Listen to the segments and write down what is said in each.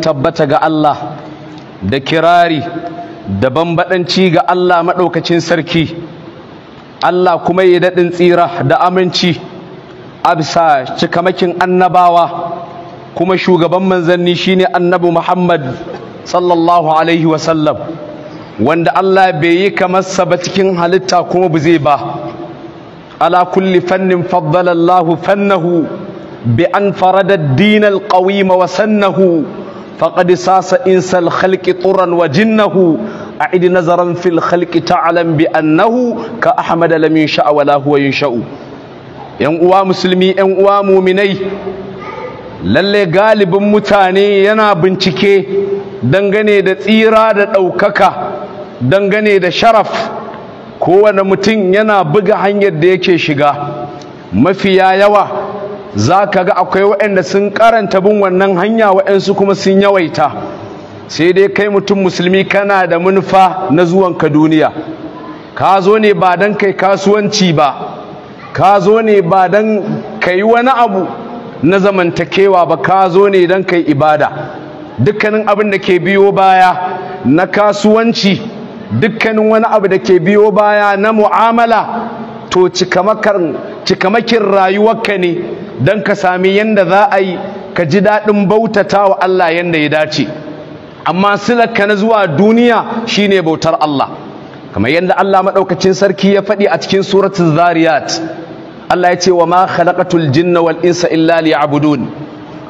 tabbata ga Allah da kirari da bambadanci ga Allah maɗaukacin sarki Allah kuma ya daɗin tsira da aminci a bisa cikamakin annabawa kuma shugaban manzanni shine annabi Muhammad sallallahu alaihi wasallam wanda Allah bai yi kamarsa ba cikin halitta kuma bu zai ba ala kulli fannin faddala fannahu bi an farada dinal din wa sannahu فقد ساس إنس الخلق طرا وجنه أعد نظرا في الخلق تعلم بأنه كأحمد لم ينشأ ولا هو ينشأ ‘yan uwa musulmi ‘yan uwa muminai lalle galibin mutane yana bincike dangane da tsira da ɗaukaka dangane da sharaf kowane mutum yana buga hanyar da yake shiga mafiya yawa za ka ga akwai waɗanda sun karanta bin wannan hanya waɗansu kuma sun yawaita sai dai kai mutum musulmi kana da manufa na zuwanka duniya ka zo ne ba don kai kasuwanci ba ka zo ne ba don kai wani abu na zamantakewa ba ka zo ne don kai ibada dukkanin abin da ke biyo baya na kasuwanci dukkanin wani abu da ke biyo baya na mu'amala to cikamakin rayuwarka ne don ka sami yadda za a yi ka ji daɗin bautata wa Allah yadda ya dace amma silarka na zuwa duniya shine bautar Allah kamar yadda Allah maɗaukacin sarki ya faɗi a cikin suratun zariyat Allah ya ce wa ma khalaqatul jinna wal insa illa liya'budun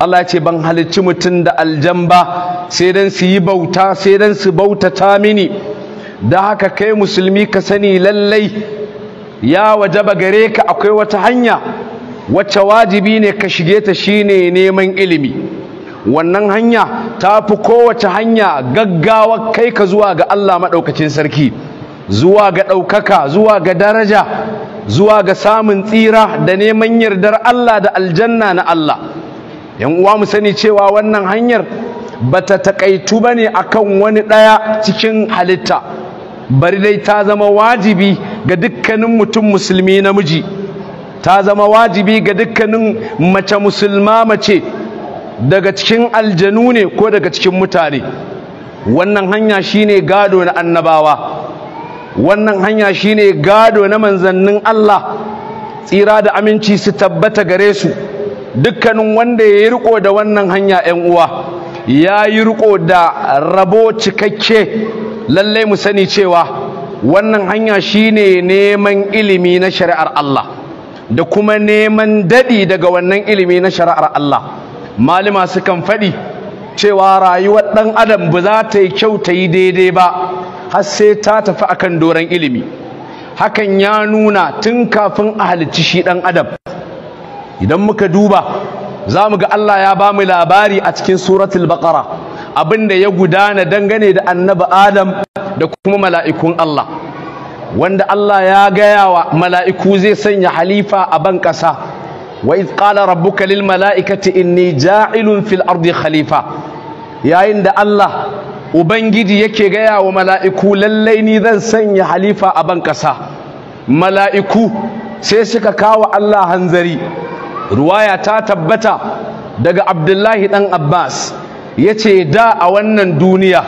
Allah ce ban halicci mutum da aljan ba sai dan su yi bauta sai dan su bautata mini da haka kai musulmi ka sani lallai ya wajaba gare ka akwai wata hanya wacce wajibi ne ka shige ta shine neman ilimi wannan hanya ta fi kowace hanya gaggawa kai ka zuwa ga Allah maɗaukacin sarki zuwa ga ɗaukaka zuwa ga daraja zuwa ga samun tsira da neman yardar Allah da aljanna na Allah yan uwa mu sani cewa wannan hanyar bata takaitu ne akan wani ɗaya cikin halitta bari dai ta zama wajibi ga dukkanin mutum musulmi namiji ta zama wajibi ga dukkanin mace musulma mace daga cikin aljanu ne ko daga cikin mutane wannan hanya shine gado na annabawa wannan hanya shine gado na manzannin Allah tsira da aminci su tabbata gare su dukkanin wanda ya yi riko da wannan hanya 'yan uwa ya yi riko da rabo cikakke lallai mu sani cewa wannan hanya shine neman ilimi na shari'ar Allah da kuma neman daɗi daga wannan ilimi na shari'ar Allah malama sukan faɗi cewa rayuwar ɗan adam ba za ta yi kyau ta yi daidai ba har sai ta tafi akan doron ilimi hakan ya nuna tun kafin a halicci shi ɗan adam idan muka duba za mu ga Allah ya ba mu labari a cikin suratul baqara abinda ya gudana dangane da annabi adam da kuma mala'ikun Allah wanda Allah ya gaya wa mala'iku zai sanya halifa a ban ƙasa wa iz qala rabbuka lil mala'ikati inni ja'ilun fil ardi khalifa yayin da Allah ubangiji yake gaya wa mala'iku lallai ni zan sanya halifa a ban ƙasa mala'iku sai suka kawo Allah hanzari ruwaya ta tabbata daga Abdullahi ɗan Abbas ya ce da a wannan duniya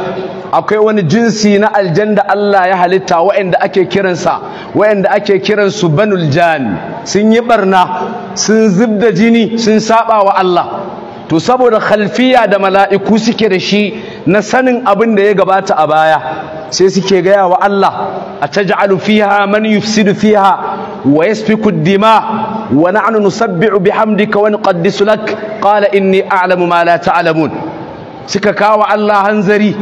akwai wani jinsi na aljanda Allah ya halitta waɗanda ake kiransa waɗanda ake kiransu banul jan sun yi barna sun zubda jini sun saba wa Allah to saboda khalfiya da mala'iku suke da shi na sanin abin da ya gabata a baya sai suke gaya wa Allah a taj'alu fiha man yufsidu fiha wa yasfiku dima wa nahnu nusabbihu bihamdika wa nuqaddisu lak qala inni a'lamu ma la ta'lamun suka kawo Allah hanzari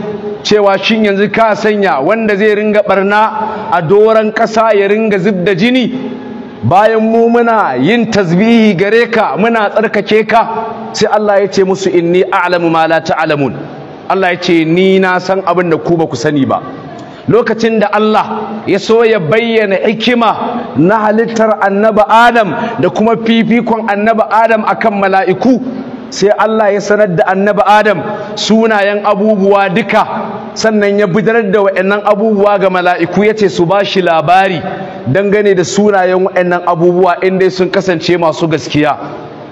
cewa shin yanzu ka sanya wanda zai ringa barna a doron ƙasa ya ringa zub da jini bayan mu muna yin tasbihi gare ka muna tsarkake ka sai Allah ya ce musu inni a'lamu ma la ta'lamun Allah ya ce ni na san abin da ku ba ku sani ba lokacin da Allah ya so ya bayyana hikima na halittar annabi Adam da kuma fifikon annabi Adam akan mala'iku sai Allah ya sanar da annabi Adam sunayen abubuwa duka sannan ya bidarar da wa'annan abubuwa ga mala'iku ya ce su ba shi labari dangane da sunayen wa'annan abubuwa inda sun kasance masu gaskiya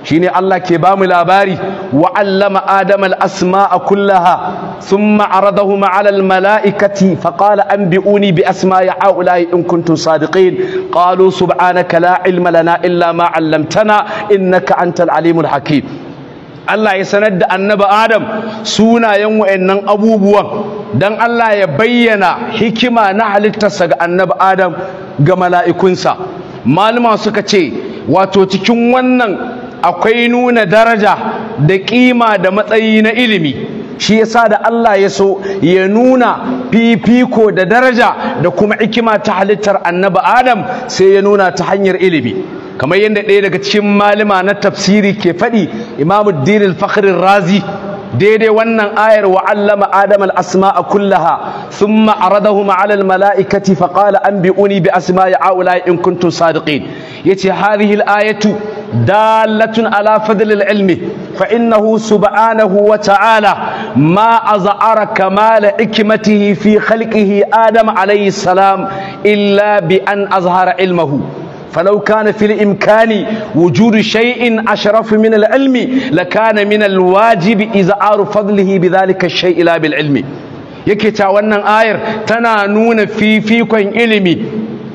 shine Allah ke ba mu labari wa allama adam al-asma'a kullaha thumma aradahum 'ala al-mala'ikati fa qala anbi'uni bi asma'i ha'ula'i in kuntum sadiqin qalu subhanaka la ilma lana illa ma 'allamtana innaka antal alimul hakim Allah ya sanar da annaba Adam sunayen wa'annan abubuwan dan Allah ya bayyana hikima na halittarsa ga annaba Adam ga mala'ikunsa malama suka ce wato cikin wannan akwai nuna daraja da ƙima da matsayi na ilimi shi yasa da Allah ya so ya nuna fifiko da daraja da kuma hikima ta halittar annaba Adam sai ya nuna ta hanyar ilimi kamar yadda ɗaya daga cikin malama na tafsiri ke faɗi imamu dinil fakhrin razi daidai wannan ayar wa allama adam al-asma'a kullaha thumma aradahum huma alal malaikati fa bi anbi'uni bi asma'i aula in kuntum sadiqin yace hadhihi al-ayatu dalatun ala fadlil ilmi fa innahu subhanahu wa ta'ala ma az'ara kamala hikmatihi fi khalqihi adam alayhi salam illa bi an azhara ilmahu فلو كان في الإمكان وجود شيء أشرف من العلم لكان من الواجب إزعار فضله بذلك الشيء لا بالعلم yake ta wannan ayar tana nuna fifikon ilimi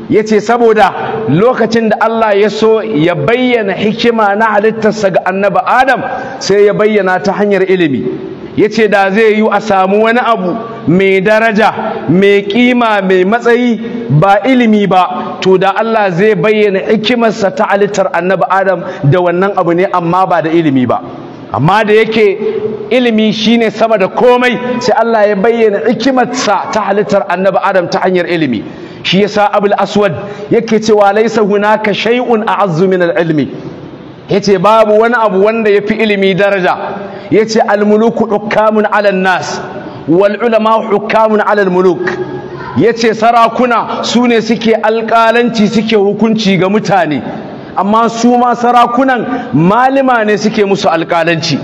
yace saboda lokacin da Allah ya so ya bayyana hikima na halittarsa ga annabi Adam sai ya bayyana ta hanyar ilimi ya ce da zai yi a samu wani abu mai daraja mai kima mai matsayi ba ilimi ba to da Allah zai bayyana hikimarsa ta halittar annabi adam da wannan abu ne amma ba da ilimi ba amma da yake ilimi shine sama da komai sai Allah ya bayyana hikimarsa ta halittar annabi adam ta hanyar ilimi shi yasa abul aswad yake cewa laisa hunaka shay'un a'azzu min al-ilmi yace babu wani abu wanda yafi ilimi daraja yace almuluku hukamun ala nas wal ulama hukamun ala almuluk yace sarakuna sune suke alƙalanci suke hukunci ga mutane amma su ma sarakunan malima ne suke musu alƙalanci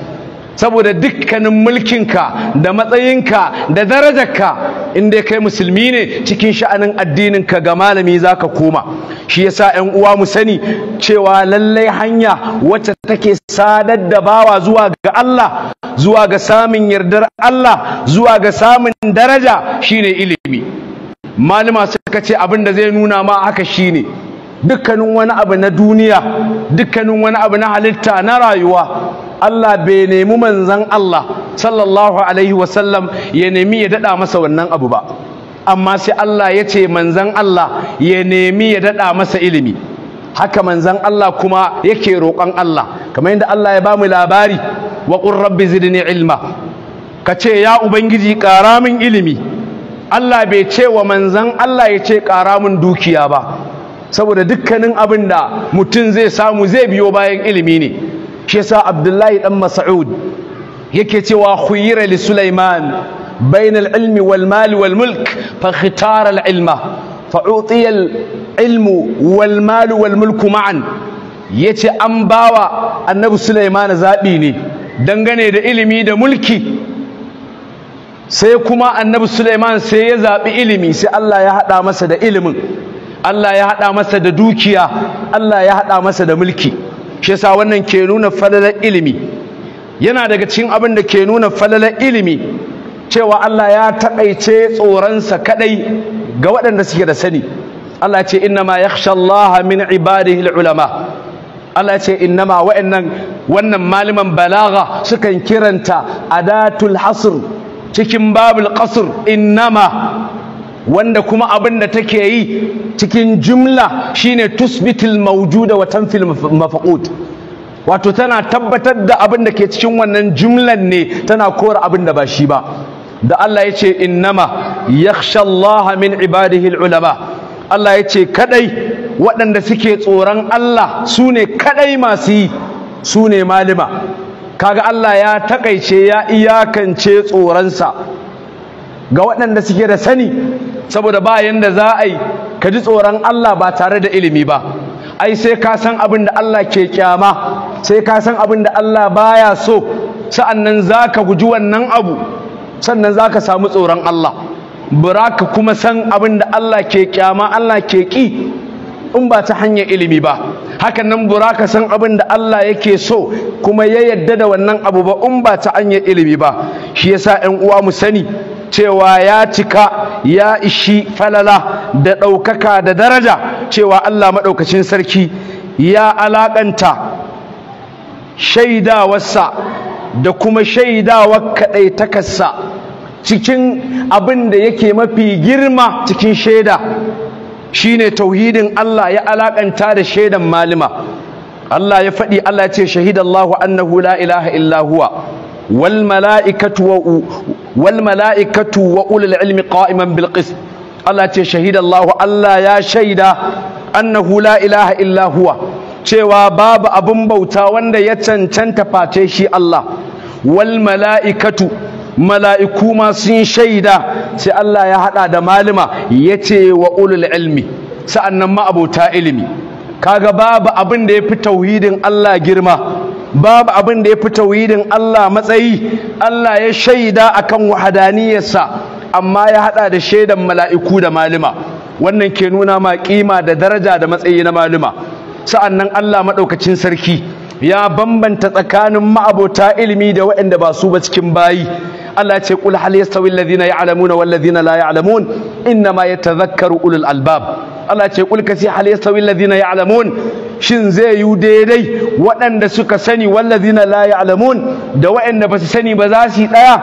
saboda dukkanin mulkinka da matsayinka da darajarka inda ya kai musulmi ne cikin sha'anin addininka ga malami zaka koma shi yasa 'yan uwa mu sani cewa lallai hanya wacce take sadar da bawa zuwa ga Allah zuwa ga samun yardar Allah zuwa ga samun daraja shine ilimi malama suka ce abin da zai nuna ma haka shine dukkanin wani abu na duniya dukkanin wani abu na halitta na rayuwa Allah bai nemi manzan Allah sallallahu alaihi wasallam ya nemi ya daɗa masa wannan abu ba amma sai Allah ya ce manzan Allah ya nemi ya daɗa masa ilimi haka manzan Allah kuma yake roƙon Allah kamar yadda Allah ya bamu labari wa qur rabbi zidni ilma kace ya ubangiji ƙara min ilimi Allah bai ce wa manzan Allah ya ce ƙara min dukiya ba saboda dukkanin abin da mutum zai samu zai biyo bayan ilimi ne Kesa abdullahi dan mas'ud yake cewa khuyira li sulaiman bainal ilmi wal mal wal mulk fa khitara al ilma fa utiya al ilmu wal mal wal mulk ma'an yace an bawa annabi sulaiman zabi ne dangane da ilimi da mulki sai kuma annabi sulaiman sai ya zaɓi ilimi sai Allah ya haɗa masa da ilimin Allah ya haɗa masa da dukiya Allah ya haɗa masa da mulki shi yasa wannan ke nuna falalar ilimi yana daga cikin abin da ke nuna falalar ilimi cewa Allah ya taƙaice tsoronsa kaɗai ga waɗanda suke da sani Allah ce innama yakhsha Allah min ibadihi ulama Allah ce innama wa'annan wannan malaman balaga sukan kiranta adatul hasr cikin babul qasr innama wanda kuma abin da take yi cikin jumla shine tusbitul mawjuda wa tanfil mafaqud wato tana tabbatar da abin da ke cikin wannan jumlan ne tana kora abin da ba shi ba da Allah ya ce innama yakhsha Allah min ibadihi ulama Allah ya ce kadai waɗanda suke tsoron Allah su ne kadai masu yi su ne malima kaga Allah ya takaice ya iyakance tsoronsa ga waɗanda suke da sani saboda bayan da za a yi ka ji tsoron Allah ba tare da ilimi ba ai sai ka san abin da Allah ke kyama sai ka san abin da Allah baya so sa'annan za ka guji wannan abu sannan za ka samu tsoron Allah Bura ka kuma san abin da Allah ke kyama Allah ke ƙi in ba ta hanyar ilimi ba hakan nan bura ka san abin da Allah yake so kuma ya yadda da wannan abu ba in ba ta hanyar ilimi ba shi yasa 'yan uwa mu sani cewa ya cika ya ishi falala da ɗaukaka da daraja cewa Allah maɗaukacin sarki ya alaƙanta shaidawarsa da kuma shaidawar kaɗaitakarsa cikin abin da yake mafi girma cikin shaida shine tauhidin Allah ya alaƙanta da shaidan malima Allah ya faɗi Allah ya ce shahidallahu annahu la ilaha illa huwa wal mala'ikatu Walmala'ikatu mala'ikatu wa ulul ilmi qa'iman Allah ce shahida Allah Allah ya shaida annahu la ilaha illa huwa cewa babu abun bauta wanda ya cancanta face shi Allah wal mala'ikatu mala'iku ma sun shaida sai Allah ya hada da malima yace wa ulul ilmi sa'annan ma abota ilimi kaga babu abin da yafi tauhidin Allah girma babu abin da ya fi tauhidin Allah matsayi Allah ya shaida akan wahadaniyarsa amma ya hada da shaidan mala'iku da malima wannan ke nuna ma kima da daraja da matsayi na malima sa'annan Allah maɗaukacin sarki ya bambanta tsakanin ma'abota ilimi da waɗanda ba su ba cikin bayi Allah ce kul hal yastawi alladhina ya'lamuna wal ladhina la ya'lamun inna ma yatadhakkaru ulul albab Allah ce kul kasi hal yastawi alladhina ya'lamun shin zai yi daidai waɗanda suka sani walladhina la ya'lamun da waɗanda ba su sani ba za su yi ɗaya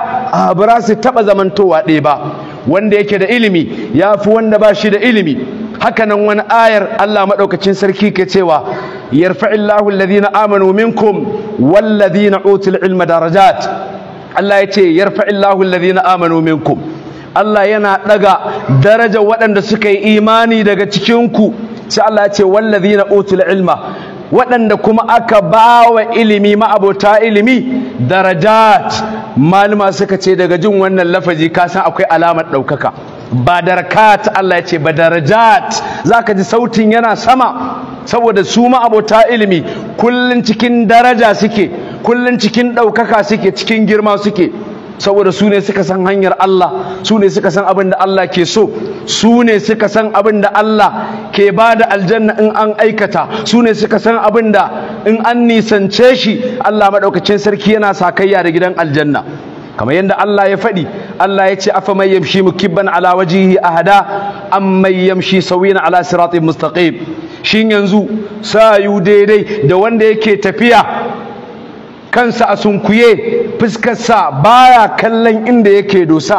a ba su taɓa zamantowa ɗaya ba wanda yake da ilimi ya fi wanda ba shi da ilimi hakanan wani ayar Allah maɗaukacin sarki ke cewa yarfa'illahu alladhina amanu minkum walladhina utul ilma darajat Allah ya ce yarfa'illahu alladhina amanu minkum Allah yana ɗaga daraja waɗanda suka yi imani daga cikinku sai Allah ya ce wallazina utul ilma waɗanda kuma aka bawa ilimi ma'abota ilimi darajat malama suka ce daga jin wannan lafazi ka san akwai alamar ɗaukaka ba darakat Allah ya ce ba darajat zaka ji sautin yana sama saboda su ma'abota ilimi kullun cikin daraja suke kullun cikin ɗaukaka suke cikin girma suke saboda su ne suka san hanyar Allah su ne suka san abin da Allah ke so su ne suka san abin da Allah ke ba da aljanna in an aikata su ne suka san abin da in an nisance shi Allah maɗaukacin sarki yana sa sakayya da gidan aljanna kamar yadda Allah ya faɗi Allah ya ce afa mai yamshi mukibban ala wajihi ahada am mai yamshi sawina ala siratin mustaqim shin yanzu sayu daidai da wanda yake tafiya kansa a sunkuye fuskarsa baya kallon inda yake dosa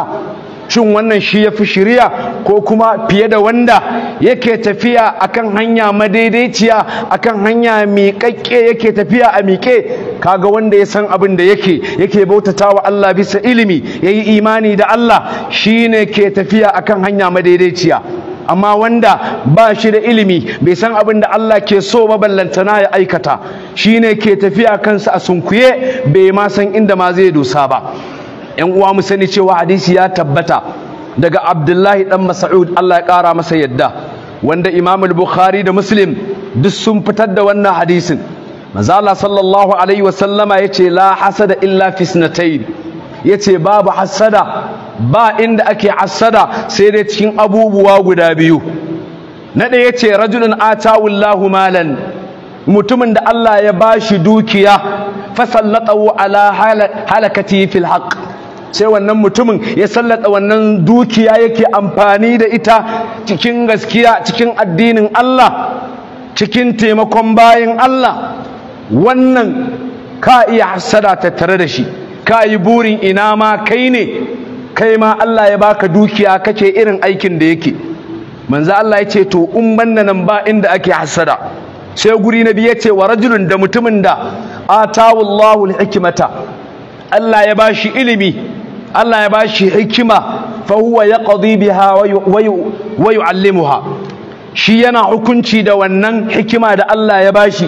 shin wannan shi ya fi shirya ko kuma fiye da wanda yake tafiya akan hanya madaidaiciya akan hanya miƙaƙe yake tafiya a miƙe kaga wanda ya san abin da yake yake wa Allah bisa ilimi yayi imani da Allah shine ke tafiya akan hanya madaidaiciya amma wanda ba shi da ilimi bai san abin da Allah ke so maballantana ya aikata shi ne ke tafiya kansa a sunkuye bai ma san inda ma zai dosa ba yan uwa mu sani cewa hadisi ya tabbata daga Abdullahi ɗan Mas'ud Allah ya kara masa yadda wanda Imam bukhari da Muslim duk sun fitar da wannan hadisin manzo Allah sallallahu alaihi wasallama yace la hasada illa fisnatayn yace babu hasada ba inda ake hasada sai dai cikin abubuwa guda biyu na ɗaya ce rajulun atawullahu malan mutumin da Allah ya ba shi dukiya wa ala halakati fil haqq sai wannan mutumin ya sallata wannan dukiya yake amfani da ita cikin gaskiya cikin addinin Allah cikin taimakon bayin Allah wannan ka iya hasada tattare da shi ka yi burin ina ma kai ne kai ma Allah ya baka dukiya kace irin aikin da yake manzo Allah yace to in banna nan ba inda ake hasada sai guri na biye ce wa rajulun da mutumin da atahu Allahu al-hikmata Allah ya bashi ilimi Allah ya bashi hikima fa huwa yaqdi biha wa yu'allimuha shi yana hukunci da wannan hikima da Allah ya bashi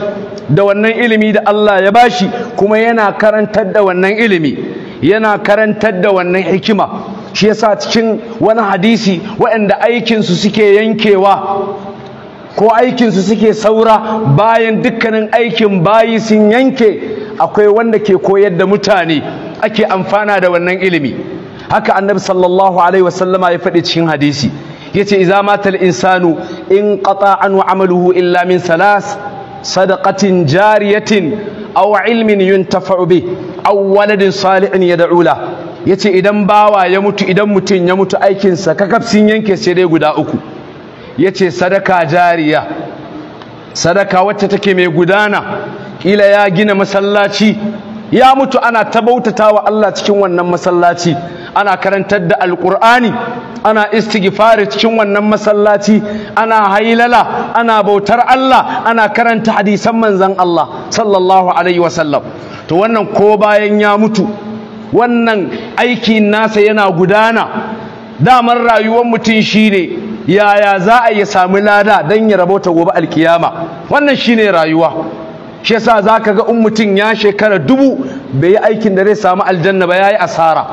da wannan ilimi da Allah ya bashi kuma yana karantar da wannan ilimi yana karantar da wannan hikima shi yasa cikin wani hadisi waɗanda aikinsu suke yankewa ko aikinsu suke saura bayan dukkanin aikin bayi sun yanke akwai wanda ke koyar da mutane ake amfana da wannan ilimi haka annabi sallallahu alaihi wasallama ya faɗi cikin hadisi yace iza matal insanu in qata anhu amaluhu illa min salas sadaqatin jariyatin aw ilmin yuntafa'u bih aw waladin salihin ya da'ula yace idan bawa ya mutu idan mutun ya mutu aikin sa kakafsin yanke sai dai guda uku yace sadaka jariya sadaka wacce take mai gudana kila ya gina masallaci ya mutu ana tabautatawa Allah cikin wannan masallaci ana karantar da alkur'ani ana istighfari cikin wannan masallaci ana hailala ana bautar Allah ana karanta hadisan manzon Allah sallallahu alaihi wasallam to wannan ko bayan ya mutu wannan aiki nasa yana gudana damar rayuwar mutum shine yaya za a yi sami lada don ya ta gobe alkiyama wannan shine rayuwa shi yasa zaka ga in mutum ya shekara dubu bai yi aikin da zai samu aljanna ba ya yi asara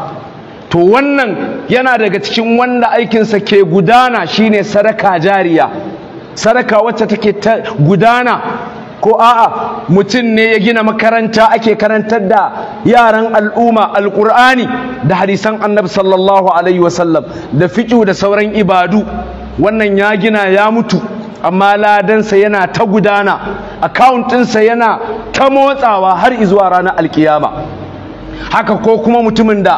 to wannan yana daga cikin wanda aikinsa ke gudana shine sadaka jariya sadaka wacce take gudana ko a'a mutum ne ya gina makaranta ake karantar da yaran al'umma alkur'ani da hadisan annabi sallallahu alaihi wasallam da fiqhu da sauran ibadu wannan ya gina ya mutu amma ladansa yana ta gudana akawuntinsa yana ta motsawa har izuwa ranar alkiyama haka ko kuma mutumin da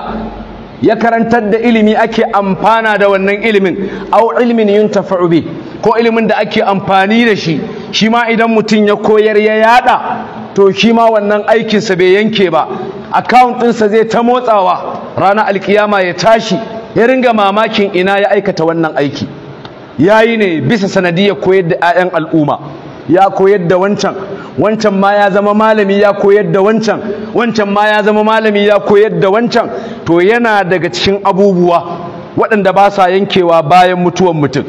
ya karantar da ilimi ake amfana da wannan ilimin au ilimin yin bi ko ilimin da ake amfani da shi shi ma idan mutum ya koyar ya yada to shi ma wannan aikinsa bai yanke ba Akawuntinsa zai ta motsawa ranar alkiyama ya tashi ya ringa mamakin ina ya aikata wannan aiki Ya yi ne bisa sanadiyar koyar da 'ya'yan al'umma ya koyar da wancan wancan ma ya zama malami ya koyar da wancan wancan ma ya zama malami ya koyar da wancan to yana daga cikin abubuwa waɗanda ba sa yankewa bayan mutuwan mutum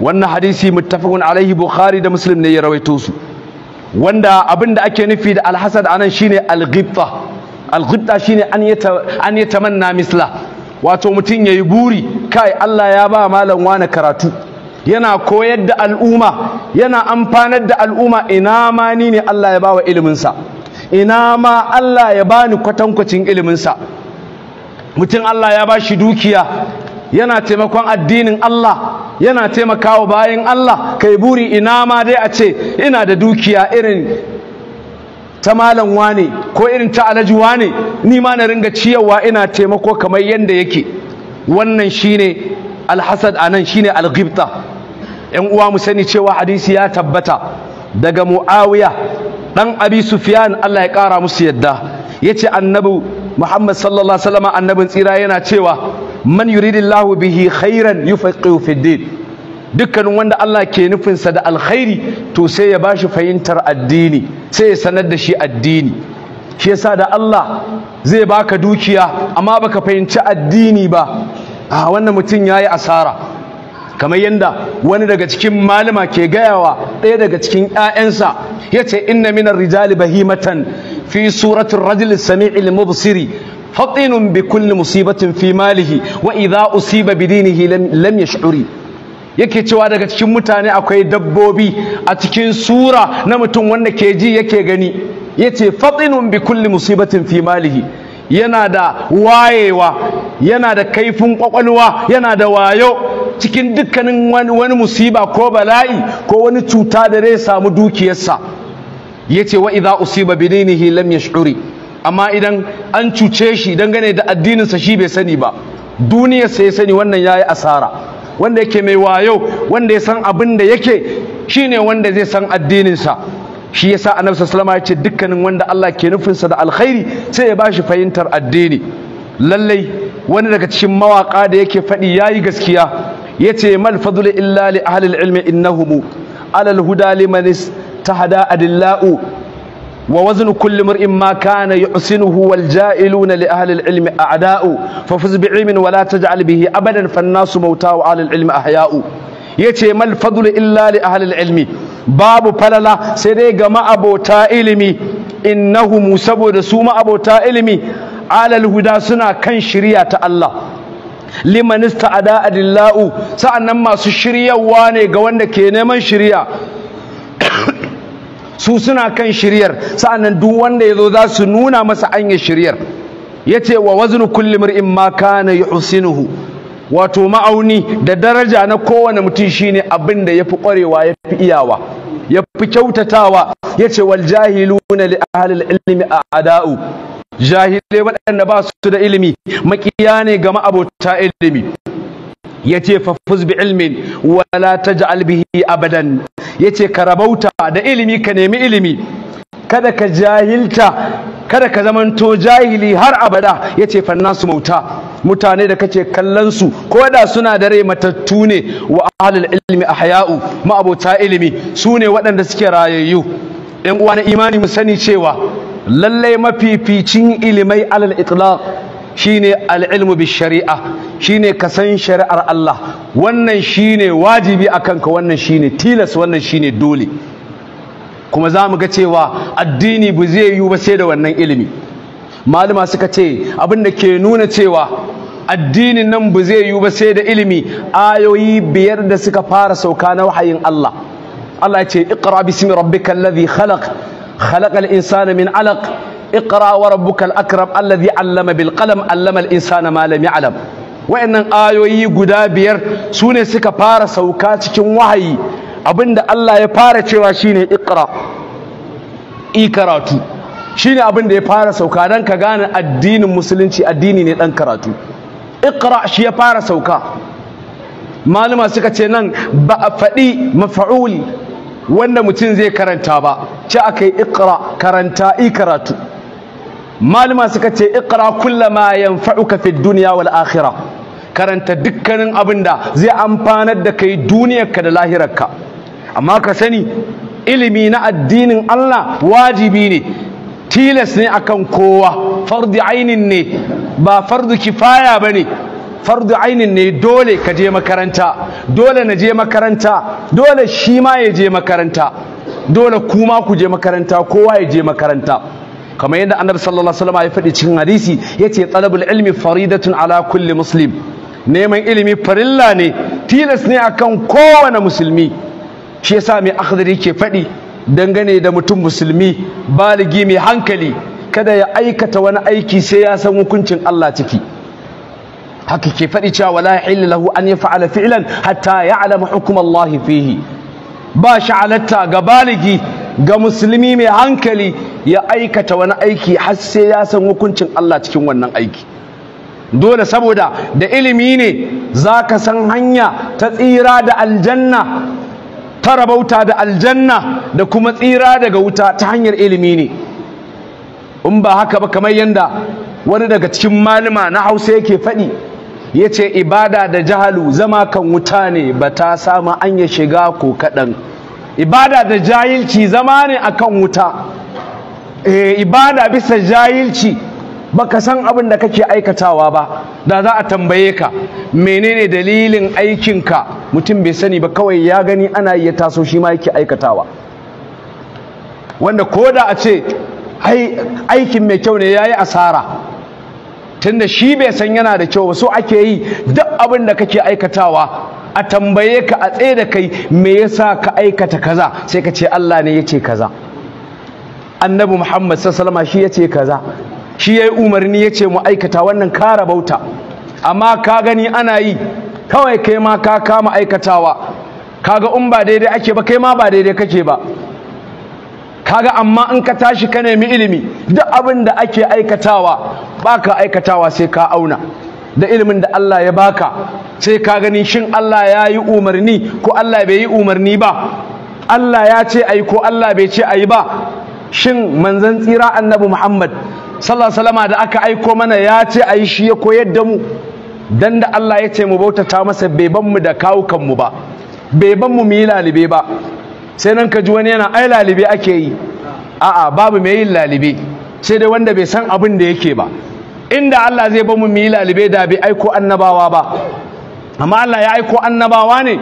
wannan hadisi muttafaqun alaihi bukhari da muslim ne ya rawaito su wanda abin da ake nufi da alhasad anan shine alghibta alghibta shine an yata an yatamanna misla wato mutum yayi buri kai Allah ya ba malam wani karatu yana koyar da al'umma yana amfanar da al'umma ina ma ni ne Allah ya bawa iliminsa ina ma Allah ya bani kwatankwacin iliminsa mutum Allah ya ba shi dukiya yana taimakon addinin Allah yana taimakawa bayan Allah kai buri ina ma dai a ce ina da dukiya irin ta malam wane ko irin ta alaji wane ni ma na ringa ciyawa ina taimako kamar yadda yake wannan shine alhasad a nan shine alghibta yan uwa mu sani cewa hadisi ya tabbata daga muawiya dan abi sufyan Allah ya kara musu yadda yace annabi muhammad sallallahu alaihi wasallam annabin tsira yana cewa man yuridillahu bihi khairan yufaqihu fid din dukkanin wanda Allah ke nufinsa da alkhairi to sai ya bashi fahimtar addini sai ya sanar da shi addini shi yasa da Allah zai baka dukiya amma baka fahimci addini ba a wannan mutum ya yi asara kamar yadda wani daga cikin malama ke gayawa ɗaya daga cikin 'ya'yansa ya ce inna minar rijali bahimatan fi suratun rajul sami'il mubsiri fatinun bi kulli musibatin fi malihi wa idza usiba bi dinihi lam yash'uri yake cewa daga cikin mutane akwai dabbobi a cikin sura na mutum wanda ke ji yake gani yace fatinun bi kulli musibatin fi malihi yana da wayewa yana da kaifin kwakwalwa yana da wayo cikin dukkanin wani musiba ko bala'i ko wani cuta da zai samu dukiyarsa yace wa idza usiba bi dinihi lam yash'uri amma idan an cuce shi gane da addininsa shi bai sani ba duniyarsa ya sani wannan yayi asara wanda yake mai wayo wanda ya san abin da yake shine wanda zai san addininsa shi yasa annabi sallallahu alaihi ya ce dukkanin wanda Allah ke nufinsa da alkhairi sai ya ba shi fahimtar addini lallai wani daga cikin mawaka da yake faɗi ya yi gaskiya ya ce mal fadula illa li ahli ilmi innahum ala alhuda liman istahada adillau wa wazn kulli mar'in ma kana yusinuhu wal ja'iluna li ahli ilmi a'da'u fuz bi'ilmin wa la taj'al bihi abadan an nasu mauta wa ahli ilmi ahya'u yace mal fadlu illa li ahli ilmi babu falala sai dai ga ma'abota ilimi innahum saboda su ma'abota ilimi alal huda suna kan shirya ta Allah limanista ada adillahu sa'annan masu shiryawa ne ga wanda ke neman shirya su suna kan shiryar sa'annan duk wanda yazo za su nuna masa anya shiryar yace wa waznu kulli mar'in ma kana yuhsinuhu wato ma'auni da daraja na kowane mutum shine abin da yafi kwarewa yafi iyawa yafi kyautatawa yace wal jahiluna li ahli al-ilmi a'da'u jahilai waɗanda ba su da ilimi makiya ne ga ma'abota ilimi ya fa fuz bi ilmin wala ji albihi abadan ce ka rabauta da ilimi ka nemi ilimi kada ka jahilta kada ka zamanto jahili har abada ce fa nasu mauta mutane da kace kallon su ko da suna da rai matattu ne wa ilimi a haya'u. ma'abota ilimi su ne waɗanda suke rayayyu ɗan uwa na imani mu sani cewa lallai mafificin ilimai alal itlaq shine al'ilmu bi shari'a shine ka san shari'ar Allah wannan shine wajibi akan ka wannan shine tilas wannan shine dole kuma za mu ga cewa addini bu zai yiwu ba sai da wannan ilimi malama suka ce abin da ke nuna cewa addinin nan bu zai yiwu ba sai da ilimi ayoyi biyar da suka fara sauka na wahayin Allah Allah ya ce iqra bismi rabbikal ladhi khalaq khalaqal insana min alaq iqra wa rabbukal akram alladhi allama bil qalam allama al malami ma wayannan ayoyi guda biyar sune suka fara sauka cikin wahayi abinda Allah ya fara cewa shine iqra i karatu shine abinda ya fara sauka dan ka gane addinin musulunci addini ne dan karatu iqra shi ya fara sauka malama suka ce nan ba a faɗi mafa'ul wanda mutum zai karanta ba ci aka yi ikra karanta i karatu malama suka ce ikra kullama yanfa'uka fi duniya wal akhirah karanta dukkanin abin da zai amfanar da kai duniyarka da lahirarka amma ka sani ilimi na addinin Allah wajibi ne tilas ne akan kowa fardi ainin ne ba fardu kifaya bane fardu ainin ne dole ka je makaranta dole na je makaranta dole shi ma ya je makaranta dole kuma ku je makaranta kowa ya je makaranta kamar yadda annabi sallallahu alaihi wasallam ya faɗi cikin hadisi yace talabul ilmi faridatun ala kulli muslim neman ilimi farilla ne tilas ne akan kowane musulmi shi yasa mai akhdari ke faɗi dangane da mutum musulmi baligi mai hankali kada ya aikata wani aiki sai ya san hukuncin Allah ciki haka ke faɗi cewa wala yahillu lahu an ya fa'ala fi'lan hatta ya'lama hukum Allah fihi ba shi halatta ga baligi ga musulmi mai hankali ya aikata wani aiki har sai ya san hukuncin Allah cikin wannan aiki dole saboda da ilimi ne za ka san hanya ta tsira da aljanna ta rabauta da aljanna da kuma tsira daga wuta ta hanyar ilimi ne in ba haka ba kamar yadda wani daga cikin malama na hausa yake faɗi ya ce ibada da jahalu zama kan wuta ne ba ta samu an ya shiga ko kaɗan ibada da jahilci zama ne akan wuta e, ibada bisa jahilci ka san abin da kake aikatawa ba da za a tambaye ka menene dalilin aikinka mutum bai sani ba kawai ya gani ana iya taso shi ma yake aikatawa wanda ko da a ce aikin mai kyau ne ya yi asara tunda shi bai san yana da kyau ba so ake yi duk abin da kake aikatawa a tambaye ka a tsaye da kai me yasa ka aikata kaza sai ka ce Allah ne yace kaza annabi Muhammad sallallahu alaihi shi yace kaza shi yayi umarni yace mu aikata wannan kara bauta amma ka gani ana yi kawai kai ma ka kama aikatawa kaga in ba daidai ake ba kai ma ba daidai kake ba kaga amma in ka tashi ka nemi ilimi duk abin da ake aikatawa baka aikatawa sai ka auna da ilimin da Allah ya baka sai ka gani shin Allah ya yi umarni ko Allah bai yi umarni ba Allah ya ce ai ko Allah bai ce ayi ba shin manzon tsira annabi Muhammad sallallahu alaihi da aka aiko mana ya ce ayi shi ya koyar da mu dan da Allah ya ce mu bautata masa bai ban mu da kawukan mu ba bai ban mu mu yi lalibe ba sai nan ka ji wani yana ai lalibe ake yi a'a babu mai yin lalibe sai dai wanda bai san abin da yake ba inda Allah zai ba mu yi lalibe da bai aiko annabawa ba amma Allah ya aiko annabawa ne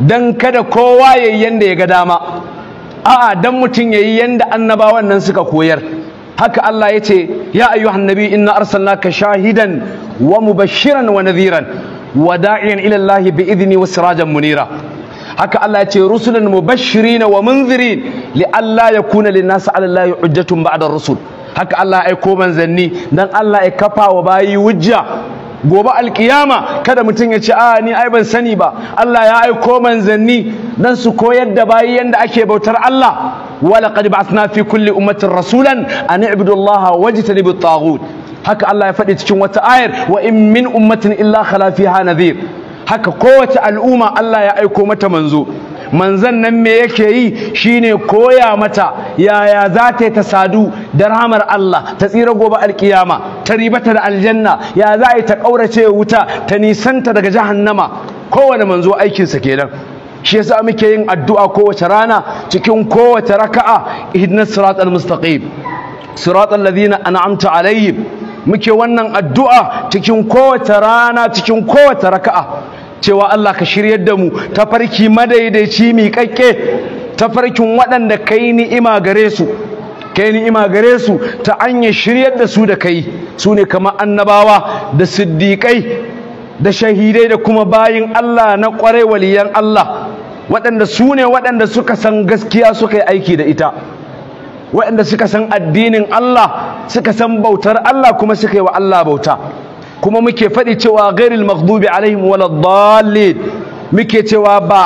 dan kada kowa ya yi yanda ya ga dama a'a dan mutum ya yi yanda annabawan nan suka koyar haka Allah ya ce ya ayyuhan nabi inna arsalnaka shahidan wa mubashiran wa nadhiran wa da'iyan ilallahi Allah bi idni wa sirajan munira haka Allah ya ce rusulan mubashirin wa munzirin li Allah ya kuna li nas ala ya hujjatun ba'da rusul haka Allah ya aiko manzanni dan Allah ya kafa wa bayi hujja gobe alkiyama kada mutum ya ce a ni ai ban sani ba Allah ya aiko manzanni dan su koyar da bayi yanda ake bautar Allah walaqad ba'athna fi kulli ummatin rasulan an i'budu Allah wajtanibut taghut haka Allah ya faɗi cikin wata ayar wa in min ummatin illa khala fiha nadhir haka kowace al'umma Allah ya aiko mata manzo manzan nan me yake yi shine koya mata yaya za ta ta sadu da rahmar Allah ta tsira gobe alkiyama ta ribata da aljanna ya za a yi ta ƙaurace wuta ta nisanta daga jahannama kowane manzo aikinsa kenan shi yasa muke yin addu'a kowace rana cikin kowace raka'a ihdinas siratal mustaqim siratal ladina an'amta alaihim muke wannan addu'a cikin kowace rana cikin kowace raka'a cewa Allah ka shiryar da mu tafarki madaidaici miƙaƙƙe tafarkin waɗanda ka yi ni'ima gare su ka yi ni'ima gare su ta hanyar shiryar da su da kai su ne kamar annabawa da siddiƙai da shahidai da kuma bayin Allah na ƙwarai waliyan Allah waɗanda su ne waɗanda suka san gaskiya suka yi aiki da ita waɗanda suka san addinin Allah suka san bautar Allah kuma suka yi wa Allah bauta kuma muke faɗi cewa ghairil maghdubi alaihim dalil muke cewa ba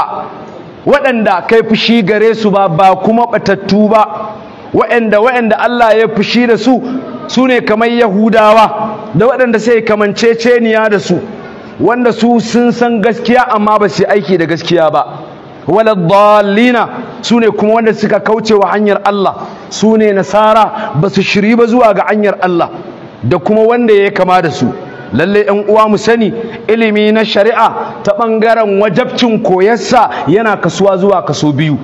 waɗanda kai fushi gare su ba ba kuma batattu ba waɗanda waɗanda Allah ya fushi da su su ne kamar yahudawa da waɗanda sai kamanceceniya da su wanda su sun san gaskiya amma ba su aiki da gaskiya ba Wala waladdallina su ne kuma wanda suka kauce wa hanyar Allah su ne nasara ba su shiri ba zuwa ga hanyar Allah da kuma wanda ya kama da su lalle yan uwa mu sani ilimi na shari'a ta bangaren wajabcin koyarsa yana kasuwa zuwa kaso biyu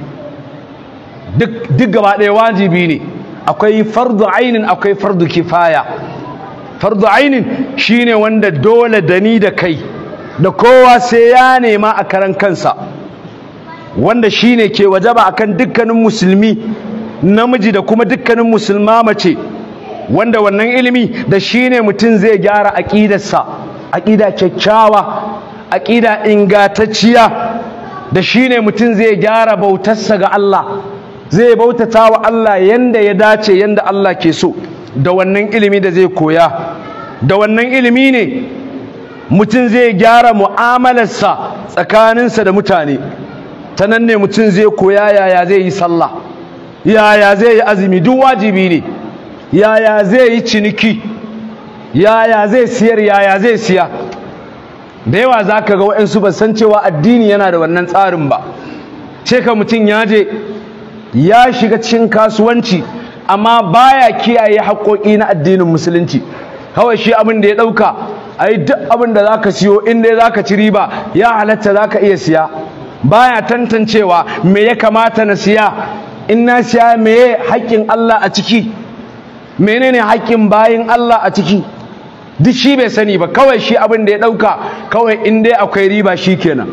duk gaba ɗaya wajibi ne akwai fardu ainin akwai fardu kifaya fardu ainin shine wanda dole da ni da kai da kowa sai ya nema a karan kansa wanda shine ke wajaba akan dukkanin musulmi namiji da kuma dukkanin musulma mace wanda wannan ilimi da shi ne mutum zai gyara aƙidarsa aƙida kyakkyawa aƙida ingatacciya da shi ne mutum zai gyara bautarsa ga Allah zai bautata wa Allah yanda ya dace yanda Allah ke so da wannan ilimi da zai koya da wannan ilimi ne mutum zai gyara mu'amalarsa tsakaninsa da mutane ta nan ne mutum zai koya yaya zai yi sallah yaya zai yi azumi duk wajibi ne yaya zai yi ciniki yaya zai siyar yaya zai siya da yawa za ka ga waɗansu ba san cewa addini yana da wannan tsarin ba ce ka mutum ya je ya shiga cikin kasuwanci amma baya kiyaye haƙoƙi na addinin musulunci kawai shi abin da ya ɗauka a yi duk abin da za ka siyo inda za ka ci riba ya halatta za ka iya siya baya tantancewa me ya kamata na siya in na siya me haƙƙin Allah a ciki menene hakkin bayin Allah a ciki duk shi bai sani ba kawai shi abin da ya ɗauka kawai in dai akwai riba shi kenan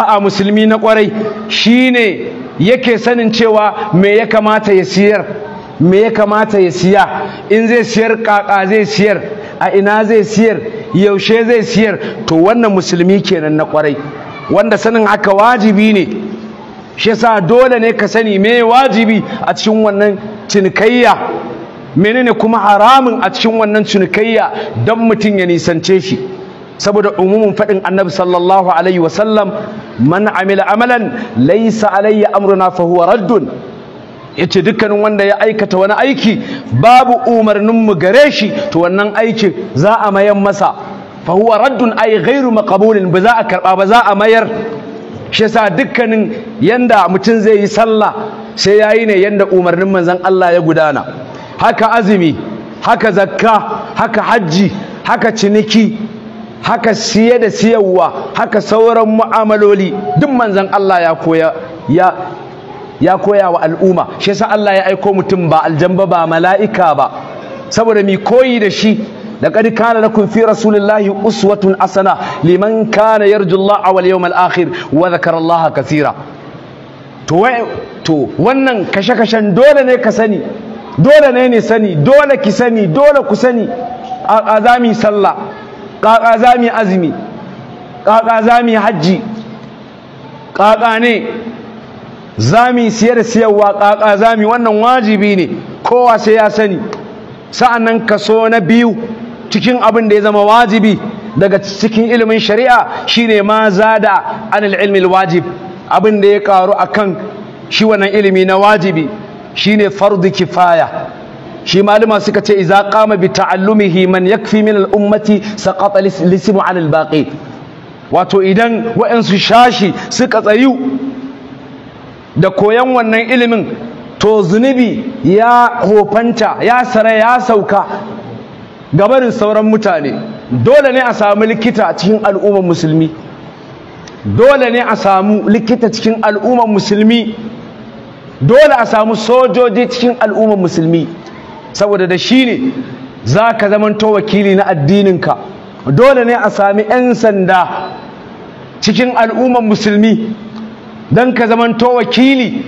a'a musulmi na kwarai shi ne yake sanin cewa me ya kamata ya siyar me ya kamata ya siya in zai siyar kaka zai siyar a ina zai siyar yaushe zai siyar to wannan musulmi kenan na kwarai wanda sanin haka wajibi ne shi sa dole ne ka sani me wajibi a cikin wannan cinikayya menene kuma haramun a cikin wannan cinikayya don mutum ya nisance shi saboda umumin faɗin annabi sallallahu alaihi wasallam man amila amalan laisa alayya amruna fa huwa raddun yace dukkanin wanda ya aikata wani aiki babu umarnin mu gare shi to wannan aikin za a mayar masa fa huwa raddun ay ghairu maqbulin ba za a karba ba za a mayar shi yasa dukkanin yanda mutum zai yi sallah sai yayi ne yanda umarnin manzon Allah ya gudana haka azumi haka zakka haka hajji haka ciniki haka siye da siyarwa haka sauran mu'amaloli duk manzon Allah ya koya ya ya koya wa al'umma shi yasa Allah ya aiko mutum ba aljamba ba mala'ika ba saboda mi koyi da shi لقد كان لكم في رسول الله أسوة حسنة لمن كان يرجو الله واليوم الآخر وذكر الله كثيرا تو تو wannan kashe-kashen dole ne ka sani dole ne ne sani dole ki sani dole ku sani a mi sallah ƙaƙa mi azumi ƙaƙa mi hajji ƙaƙa ne za mi siyar siyarwa ƙaƙa mi wannan wajibi ne kowa sai ya sani sa'annan kaso na biyu cikin abin da ya zama wajibi daga cikin ilimin shari'a shine ma da anil ilmi wajib abin da ya a kan shi wannan ilimi na wajibi shine fardu kifaya shi malama suka ce idza qama bi ta'allumihi man yakfi min al-ummati saqata lismu 'ala al-baqi wato idan wa'ansu shashi suka tsayu da koyan wannan ilimin to zunubi ya hofanta ya sare ya sauka gabarin sauran mutane dole ne a samu likita cikin al'ummar musulmi dole ne a samu likita cikin al'ummar musulmi dole a samu sojoji cikin al'ummar musulmi saboda da shi ne za ka zamanto wakili na addininka dole ne a sami 'yan sanda cikin al'ummar musulmi don ka zamanto wakili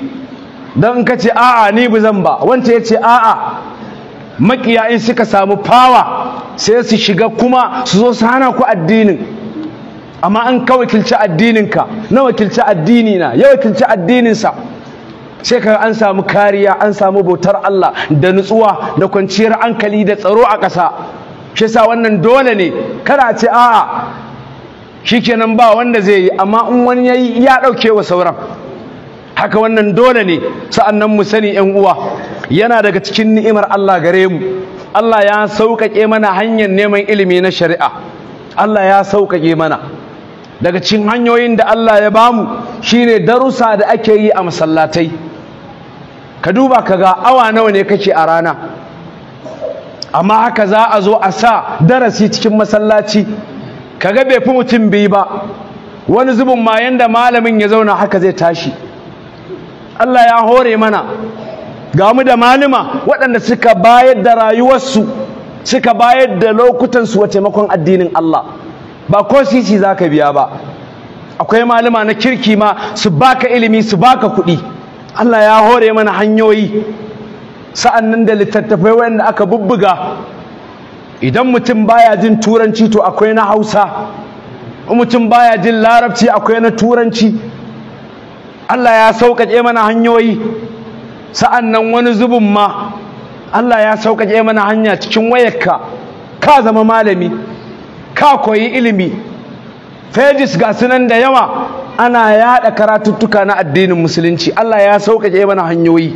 don ka ce a'a ni bu zan ba wanda ya ce a'a makiya in suka samu fawa sai su shiga kuma su zo su hana ku addinin amma an ka wakilci addininka na wakilci addini na, ya wakilci addininsa sai ka an samu kariya an samu bautar Allah da nutsuwa da kwanciyar hankali da tsaro a ƙasa shi sa wannan dole ne kada ce a'a kenan ba wanda zai yi amma in wani yayi ya ɗauke wa sauran haka wannan dole ne sa'annan mu sani 'yan uwa yana daga cikin ni'imar Allah gare mu Allah ya sauƙaƙe mana hanyar neman ilimi na shari'a Allah ya sauƙaƙe mana daga cikin hanyoyin da Allah ya bamu shine darussa da ake yi a masallatai ka duba ka ga awa nawa ne kake a rana amma haka za a zo a sa darasi cikin masallaci ka ga bai fi mutum biyu ba wani zubin ma yanda malamin ya zauna haka zai tashi Allah ya hore mana ga mu da manuma waɗanda suka bayar da rayuwarsu suka bayar da lokutansu wa taimakon addinin Allah ba ko sisi za ka biya ba akwai malama na kirki ma su baka ilimi su baka kuɗi Allah ya hore mana hanyoyi sa'an nan da littattafai wanda aka bubbuga idan mutum baya jin turanci to akwai na hausa mutum baya jin larabci akwai na turanci Allah ya sauƙaƙe mana hanyoyi sa'an nan wani zubin ma Allah ya sauƙaƙe mana hanya cikin wayarka ka zama malami ka koyi ilimi fejis ga sunan da yawa ana yada karatuttuka na addinin musulunci Allah ya sauƙaƙe mana hanyoyi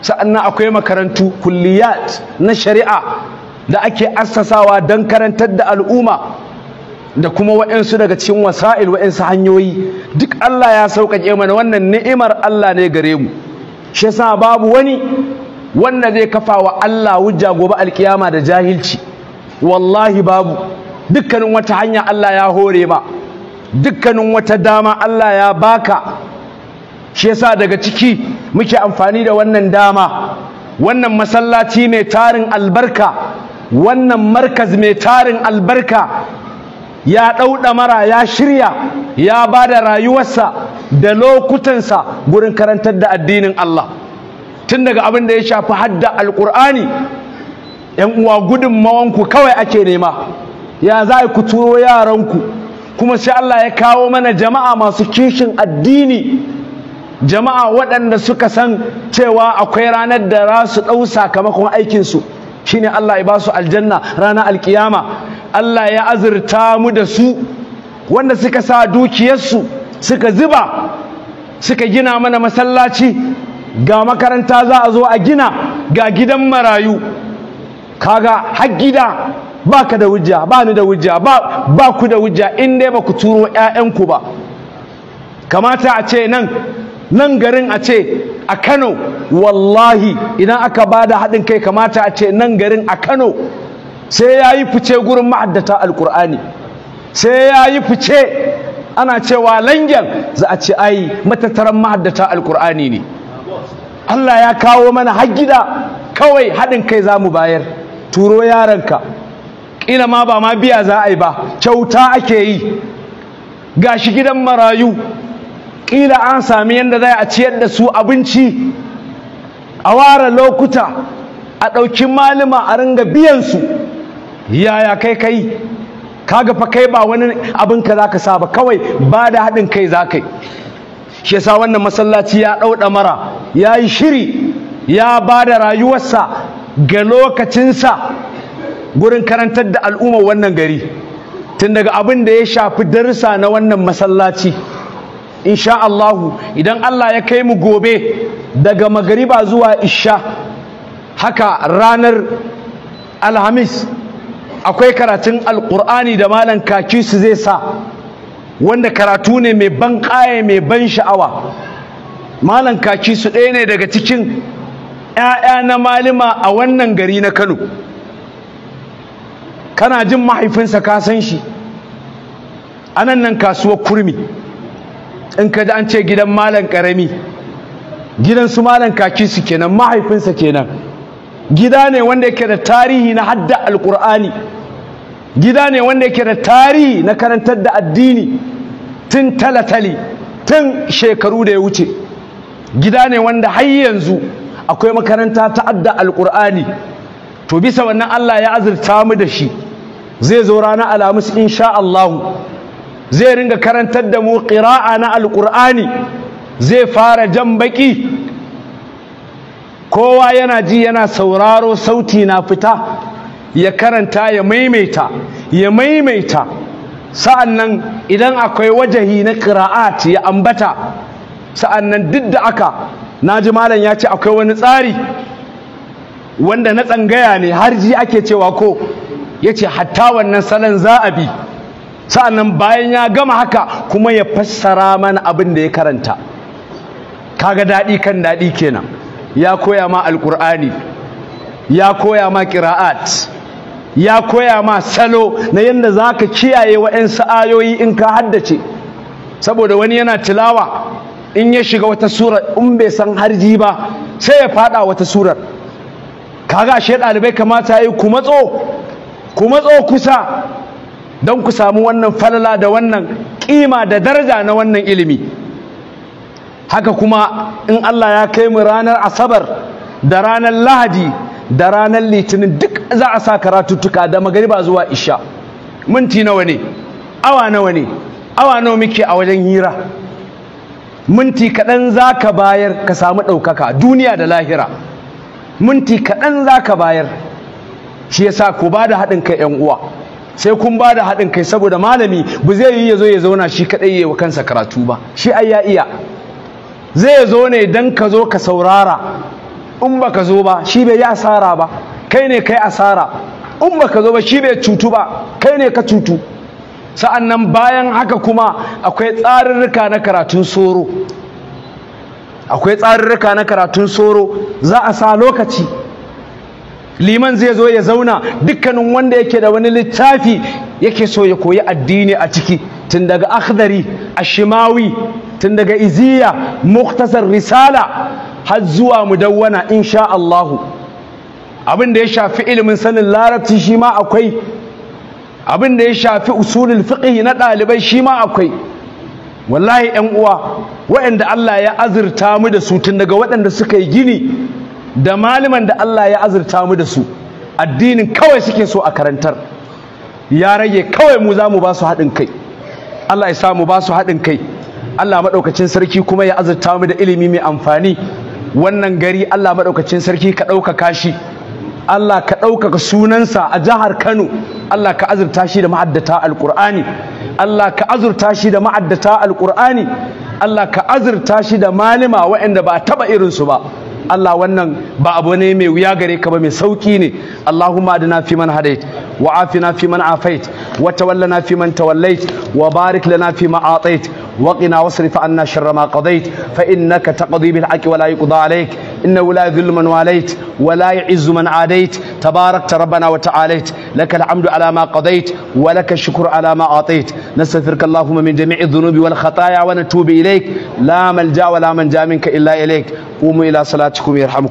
sa'annan akwai makarantu kulliyat na shari'a da ake assasawa don karantar da al'umma da kuma waɗansu daga cikin wasa'il waɗansu hanyoyi duk Allah ya sauƙaƙe mana wannan ni'imar Allah ne gare mu shi yasa babu wani wanda zai kafa wa Allah wujja gobe alkiyama da jahilci wallahi babu dukkanin wata hanya Allah ya hore ba. dukkanin wata dama Allah ya baka shi yasa daga ciki muke amfani da wannan dama wannan masallaci mai tarin albarka wannan markaz mai tarin albarka ya ɗau mara ya shirya ya bada da rayuwarsa da lokutansa gurin karantar da addinin Allah tun daga abin da ya shafi hadda alqur'ani yan uwa gudunmawanku kawai ake nema ya za a ku turo yaranku kuma sai Allah ya kawo mana jama'a masu kishin addini jama'a waɗanda suka san cewa akwai ranar da za su ɗau sakamakon aikinsu shine Allah ya ba su aljanna ranar alkiyama Allah ya azurta mu da su wanda suka sa dukiyarsu suka zuba suka gina mana masallaci ga makaranta za a zo a gina ga gidan marayu kaga har gida ka da hujja ba ni da hujja ba ku da hujja in dai ba ku turo ƴaƴanku ba kamata a ce nan nan garin a ce a Kano wallahi idan aka bada haɗin kai kamata a ce nan garin a Kano sai yayi fice gurin ma'addata alqur'ani sai yayi fice ana cewa langyan za a ce ai matattaran ma'addata alqur'ani ne Allah ya kawo mana har gida kawai haɗin kai za mu bayar turo yaranka ƙila ma ba ma biya za a yi ba kyauta ake yi gashi gidan marayu ƙila an sami yadda za a ciyar da su abinci a ware lokuta a ɗauki malama a ringa biyan su. yaya kai kai kaga fa kai ba wani abin ka zaka sa ba kawai ba da haɗin kai za yi. shi yasa wannan masallaci ya ɗau mara ya yi shiri ya ba da rayuwarsa ga lokacinsa gurin karantar da al'ummar wannan gari tun daga abin da ya shafi darussa na wannan masallaci insha Allahu idan Allah ya kai mu gobe daga magariba zuwa isha haka ranar alhamis akwai karatun alkur'ani da malam kaki su zai sa wanda karatu ne mai ban ƙaya mai ban sha'awa malam kaki su ɗaya ne daga cikin 'ya'ya na malima a wannan gari na kano kana jin mahaifinsa ka san shi A nan nan kasuwar kurmi in ka ji an ce gidan malam ƙarami, gidan su malam kaki su kenan mahaifinsa kenan gida ne wanda yake da tarihi na hadda alkur'ani gida ne wanda yake da tarihi na karantar da addini tun talatali tun shekaru da ya wuce gida ne wanda har yanzu akwai makaranta ta adda alƙur'ani to bisa wannan Allah ya azurta mu da shi zai zo ranar alhamis insha Allah zai ringa karantar da mu qira'a na alƙur'ani zai fara jan baki kowa yana ji yana sauraro sauti na fita ya karanta ya maimaita ya maimaita sa'annan idan akwai wajahi na qira'at ya ambata sa'annan duk da aka na ji malam ya ce akwai wani tsari wanda na tsangaya ne har ji ake cewa ko ya ce hatta wannan salon za a bi sa'annan bayan ya gama haka kuma ya fassara mana abin da ya karanta kaga daɗi kan daɗi kenan ya koya ma alƙur'ani ya koya ma ƙira'at ya koya ma salo na yadda za ka kiyaye wa'yansu ayoyi in ka haddace saboda wani yana tilawa in ya shiga wata surar in bai san harji ba sai ya fada wata surar kaga ashe ɗalibai kamata ya yi ku matso ku matso kusa don ku samu wannan falala da wannan kima da daraja na wannan ilimi haka kuma in Allah ya kai mu ranar asabar da ranar lahadi da ranar litinin duk za a sa karatuttuka da magariba zuwa isha minti nawa ne awa nawa ne awa nawa muke a wajen hira minti kaɗan za ka bayar ka samu ɗaukaka duniya da lahira minti kaɗan za ka bayar shi yasa ku ba da haɗin kai ‘yan uwa sai kun ba da haɗin kai saboda malami ba zai yi ya zo ya zauna shi kaɗai ya yi wa kansa karatu ba shi ai ya iya zai zo ne dan ka zo ka saurara in ba ka zo ba shi bai yi asara ba kai ne kai asara in ba ka zo ba shi bai cutu ba kai ne ka cutu sa'annan bayan haka kuma akwai tsarirrika na karatun soro akwai tsarirrika na karatun soro za a sa lokaci liman zai zo ya zauna dukkanin wanda yake da wani littafi yake so ya koyi addini a ciki tun daga akhdari ashimawi tun daga iziya muktasar risala har zuwa mudawwana insha Allahu abin da ya shafi ilimin sanin larabci shi ma akwai abin da ya shafi usulul fiqh na ɗalibai shi ma akwai wallahi ƴan uwa waɗanda Allah ya azurta mu da su tun daga waɗanda suka yi gini da malaman da Allah ya azurta mu da su addinin kawai suke so a karantar ya rage kawai mu za mu ba su haɗin kai Allah ya sa mu ba su haɗin kai Allah maɗaukacin sarki kuma ya azurta mu da ilimi mai amfani wannan gari Allah maɗaukacin sarki ka ɗaukaka shi Allah ka ɗaukaka sunansa a jihar Kano Allah ka azurta shi da ma'addata alqur'ani Allah ka azurta shi da ma'addata alqur'ani Allah ka azurta shi da malima waɗanda ba taba irin su ba Allah wannan ba abu ne mai wuya gare ka ba mai sauki ne Allahumma adina fi man hadait wa afina fi man afait wa tawallana fi man tawallait wa barik lana fi ma atait وقنا واصرف عنا شر ما قضيت فإنك تقضي بالحق ولا يقضى عليك إنه لا يذل من واليت ولا يعز من عاديت تباركت ربنا وتعاليت لك الحمد على ما قضيت ولك الشكر على ما أعطيت نستغفرك اللهم من جميع الذنوب والخطايا ونتوب إليك لا ملجأ ولا منجا منك إلا إليك قوموا إلى صلاتكم يرحمكم